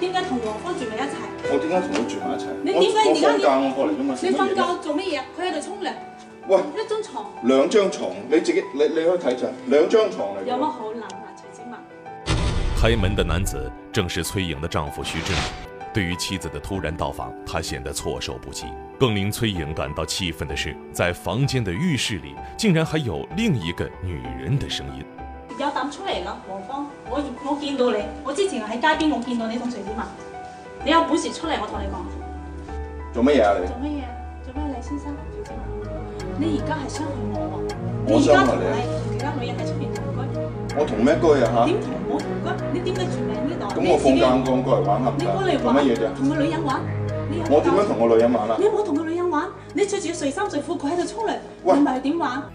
點解同黃方住埋一齊？我點解同佢住埋一齊？我你點解而家你你瞓覺做乜嘢？佢喺度沖涼。喂，一張床，兩張床，你自己你你可以睇住，兩張床嚟。有乜可能？啊？徐志文。開門的男子正是崔穎的丈夫徐志文。對於妻子的突然到訪，他顯得措手不及。更令崔穎感到氣憤的是，在房間的浴室裏，竟然還有另一個女人的聲音。有膽出嚟啦，何方！我我見到你，我之前喺街邊我見到你同徐子文，你有本事出嚟，我同你講。做咩嘢啊,啊？做咩嘢、啊？做咩嘢李先生？你而家係傷害我喎、啊！我傷害你而家係同其他女人喺出面同居。我同咩居啊？點同我同居、啊？你點解住喺呢度？咁、嗯、我放假過過嚟玩下唔緊，係乜嘢啫？同個女人玩？我點樣同個女人玩你你冇同個女人玩？你着住睡衫睡褲，佢喺度沖涼，唔係點玩？喂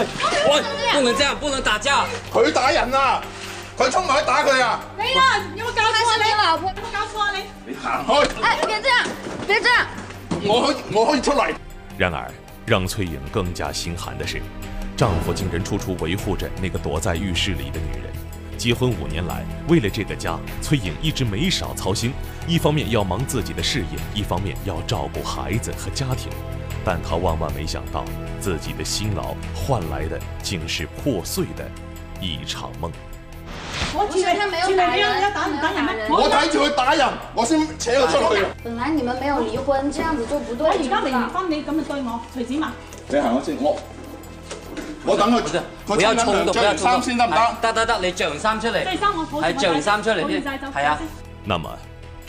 哦啊，喂，不能這樣，不能打架。佢打人啊！佢衝過去打佢啊！你啊，有冇搞錯啊，你老婆，有冇搞錯啊你。你行開！哎，別這樣，別這樣。我可我可以出來。然而，讓崔穎更加心寒的是，丈夫竟然處處維護着那個躲在浴室裏的女人。結婚五年來，為了這個家，崔穎一直沒少操心。一方面要忙自己的事業，一方面要照顧孩子和家庭。但他萬萬沒想到，自己的辛勞換來的竟是破碎的一場夢。我沒有打人，沒有打人，我睇住佢打人，我先扯佢出嚟。本來你們沒有離婚，這樣子就不對了。我而家離婚，你咁樣對我，錘子嘛？你行我先，我我等佢先。佢有衝動，着衫先得唔得？得得得，你着完衫出嚟。着衫，我好唔好？係着衫出嚟先，係啊。那麼。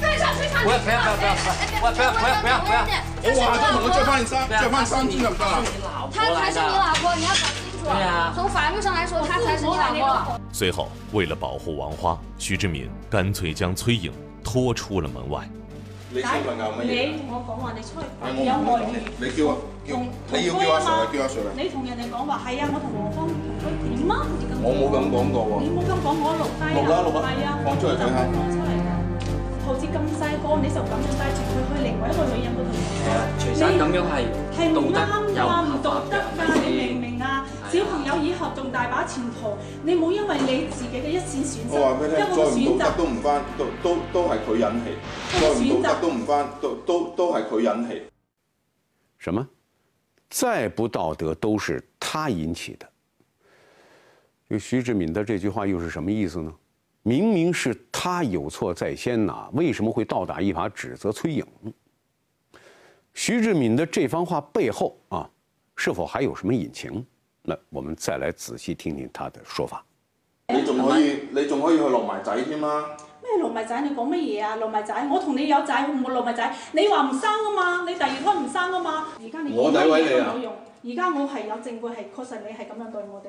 我他才是你老婆，你要搞清楚。從法律上來說，他才是你老婆。隨後，為了保護王花，徐志敏乾脆將崔穎拖出了門外。你同我講話，你出去有你叫啊叫，要叫啊叫啊你同人哋講話，係啊，我同王芳點？我冇咁講過。你冇咁講，我錄低。錄啦，錄啦，放出嚟睇下。咁細個你就咁樣帶住佢去另外一個女人嗰度，你咁樣係道德又唔德得，你明唔明啊？小朋友以後仲大把前途，你冇因為你自己嘅一線選擇，一個選擇都唔翻，都都都係佢引起；再選擇都唔翻，都都都係佢引起。什麼？再不道德都是他引起的。就徐志敏的這句話又係什麼意思呢？明明是他有錯在先吶、啊，為什麼會倒打一耙指責崔穎？徐志敏的這番話背後啊，是否還有什麼隱情？那我們再來仔細聽聽他的說法。你仲可以，哎、你仲可、哎、可以去落埋仔添嘛？咩落埋仔？你講乜嘢啊？落埋仔？我同你有仔，唔落埋仔。你話唔生啊嘛？你第二胎唔生啊嘛？而家你我詆毀你啊？冇用。而家我係有證據，係確實你係咁樣對我哋。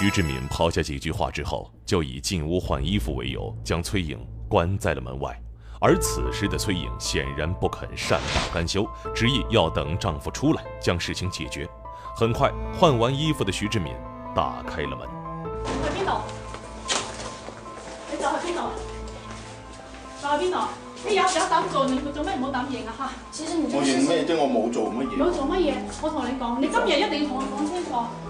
徐志敏拋下幾句話之後，就以進屋換衣服為由，將崔穎關在了門外。而此時的崔穎顯然不肯善罷甘休，執意要等丈夫出來將事情解決。很快，換完衣服的徐志敏打開了門。你走去邊度？你走去邊度？走去邊度？你有有膽做，你，要要你做咩唔好膽贏啊？哈！我做乜嘢啫？我冇做乜嘢。冇做乜嘢？我同你講，你今日一定要同我講清楚。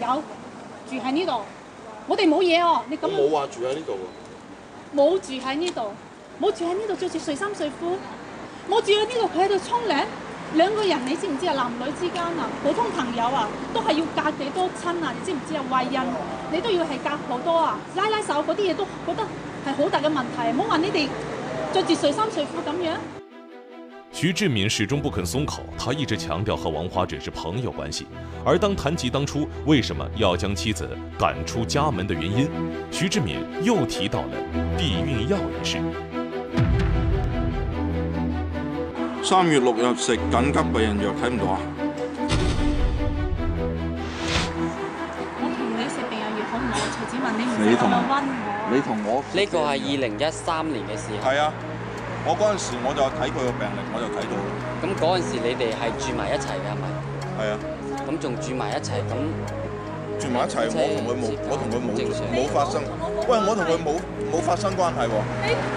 有住喺呢度，我哋冇嘢哦。你咁冇話住喺呢度喎，冇住喺呢度，冇住喺呢度着住睡衫睡褲，冇住喺呢度佢喺度沖涼。兩個人，你知唔知啊？男女之間啊，普通朋友啊，都係要隔幾多親啊？你知唔知啊？懷孕你都要係隔好多啊，拉拉手嗰啲嘢都覺得係好大嘅問題。唔好話你哋着住睡衫睡褲咁樣。徐志敏始終不肯鬆口，他一直強調和王華只是朋友關係。而當談及當初為什麼要將妻子趕出家門的原因，徐志敏又提到了避孕藥一事。三月六日食緊急避孕藥，睇唔到啊？我同你食避孕藥好唔好？徐志敏，你你同我，你同我，呢個係二零一三年嘅事。係啊。我嗰陣時我就睇佢個病歷，我就睇到佢。咁嗰陣時你哋係住埋一齊嘅係咪？係啊。咁仲住埋一齊咁？住埋一齊，就是、我同佢冇，啊、我同佢冇冇發生。喂，喂，我同佢冇冇發生關係喎、啊。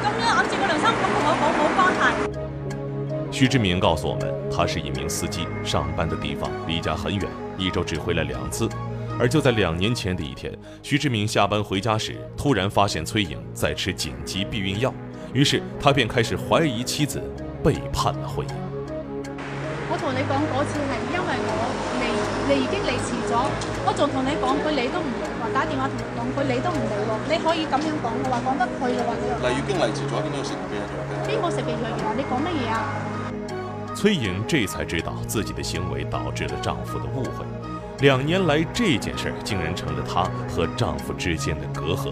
咁、哎、樣暗示我梁生，咁同我冇冇關係。徐志明告訴我們，他是一名司機，上班嘅地方離家很遠，一周只回來兩次。而就在兩年前的一天，徐志明下班回家時，突然發現崔影在吃緊急避孕藥。於是他便開始懷疑妻子背叛了婚姻。我同你講，嗰次係因為我你已經離職咗，我仲同你講，佢理都唔理我，打電話同你講，佢理都唔理我，你可以咁樣講嘅話，講得佢嘅話。例如，已經離職咗，點解要食別人藥？你食別人藥啊？你講乜嘢啊？崔穎這才知道自己的行為導致了丈夫的誤會。兩年來，這件事竟然成了她和丈夫之間的隔閡。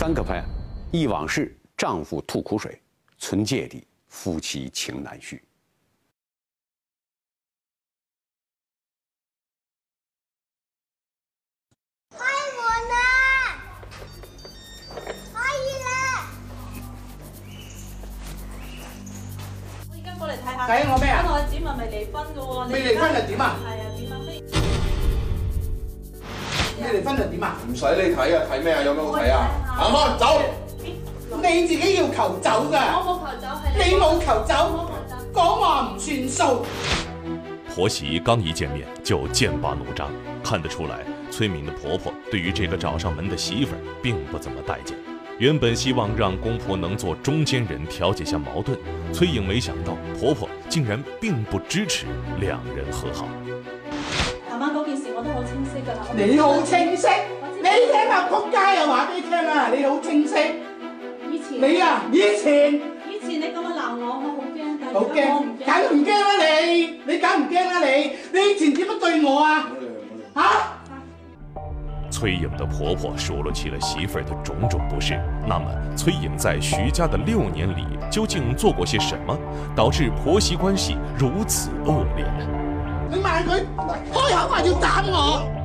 三個拍，憶往事，丈夫吐苦水，存芥蒂，夫妻情難續。歡迎我呢，可以啦！我而家過嚟睇下，睇我咩啊？我子民未離婚㗎喎，未離婚就點啊？係啊，點啊？未離婚就點啊？唔使你睇啊，睇咩啊？有咩好睇啊？阿媽走，你自己要求走噶。我冇求走，係你冇求走，講話唔算數。婆媳剛一見面就劍拔弩張，看得出來崔敏的婆婆對於這個找上門的媳婦並不怎麼待見。原本希望讓公婆能做中間人調解下矛盾，崔穎沒想到婆婆竟然並不支持兩人和好。昨晚嗰件事我都好清晰噶啦，晰你好清晰，清晰你聽下仆街又話你好正式，以前你啊，以前，以前你這麼鬧我，我好驚，但我唔驚，敢唔驚啊，你，啊你？你敢唔驚啊你？你以前怎麼對我啊？崔穎的婆婆數落起了媳婦的種種不是。那麼，崔穎在徐家的六年裏究竟做過些什麼，導致婆媳關係如此惡劣？你問佢，開口話要斬我。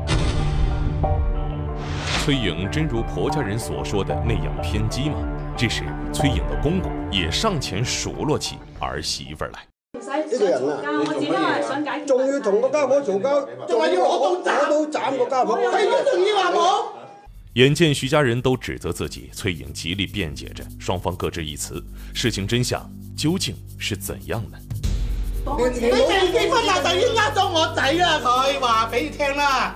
崔穎真如婆家人所說的那樣偏激嗎？這時，崔穎的公公也上前數落起兒媳婦來。這個人啊，你做乜嘢啊？仲要同個家婆嘈交，仲話要攞刀斬個家婆，你都仲要話我？眼我見徐家人都指責自己，崔穎極力辯解着，雙方各執一詞，事情真相究竟是怎樣呢？我哋結婚啊，就已經呃咗我仔啦，佢話俾你聽啦。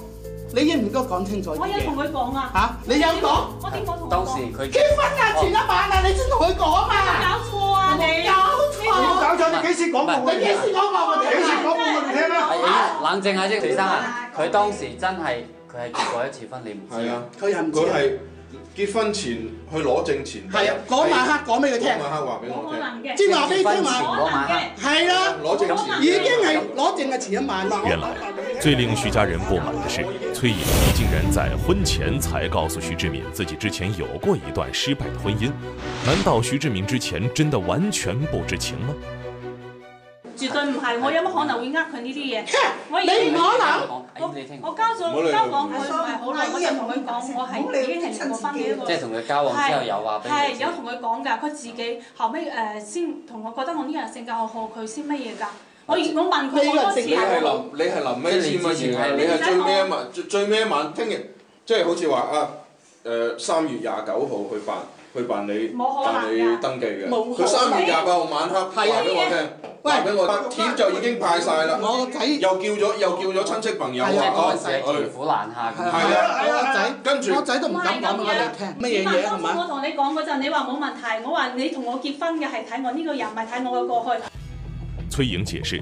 你應唔應該講清楚我有同佢講啊。嚇，你有講？我點冇同佢講？當時佢結婚啊，前一晚啊，你先同佢講嘛。你搞錯啊！你啊，你搞錯！你幾時講？你幾時講我你幾時講過我哋聽咧？你冷靜下先，徐生啊，佢當時真係佢係結過一次婚，你唔知啊。佢又唔係。結婚前去攞證前係啊，嗰晚黑講俾佢聽，嗰晚黑話俾我聽，即係話俾佢聽話，係啦，攞證前已經係攞證嘅前一晚啦。原來最令徐家人不滿嘅是崔穎儀竟然在婚前才告訴徐志敏自己之前有過一段失敗嘅婚姻，難道徐志敏之前真的完全不知情嗎？絕對唔係，我有乜可能會呃佢呢啲嘢？我而家你唔可能，我交咗交往佢唔係好耐，我就同佢講，我係已經係分嘅一個。即係同佢交往之後有話俾係有同佢講㗎，佢自己後尾，誒先同我覺得我呢樣性格好害佢先乜嘢㗎。我我問佢好多次。呢係臨，你係臨尾先乜嘢？你係最屘一晚，最最屘一晚，聽日即係好似話啊。誒三月廿九號去辦去辦理辦理登記嘅，佢三月廿八號晚黑批啊俾我聽，話俾我聽，錢就已經派曬啦，又叫咗又叫咗親戚朋友嚟幫寫去，係啊，我仔，我仔都唔敢講俾我聽，乜嘢嘢啊嘛？我同你講嗰陣，你話冇問題，我話你同我結婚嘅係睇我呢個人，唔係睇我嘅過去。崔瑩解釋。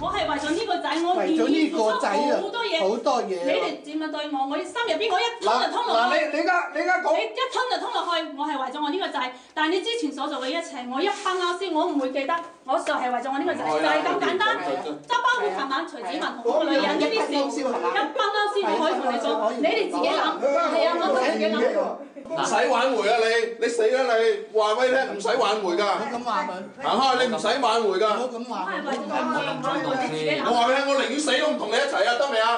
我係為咗呢個仔，我為咗呢個仔我願意付出好多。好多嘢，你哋點樣對我？我心入邊我一吞就通落去。你而家講，你一吞就通落去。我係為咗我呢個仔。但係你之前所做嘅一切，我一翻嬲先，我唔會記得。我就係為咗我呢個仔，就係咁簡單。包括琴晚徐子文同個女人一啲事，一翻嬲先可以同你做。你哋自己諗。係啊，我哋自己諗。唔使挽回啊你！你死啦你！話畀你聽唔使挽回㗎。咁話。行開你唔使挽回㗎。咁話。我唔想同你，我話畀你聽，我寧願死都唔同你一齊啊，得未啊？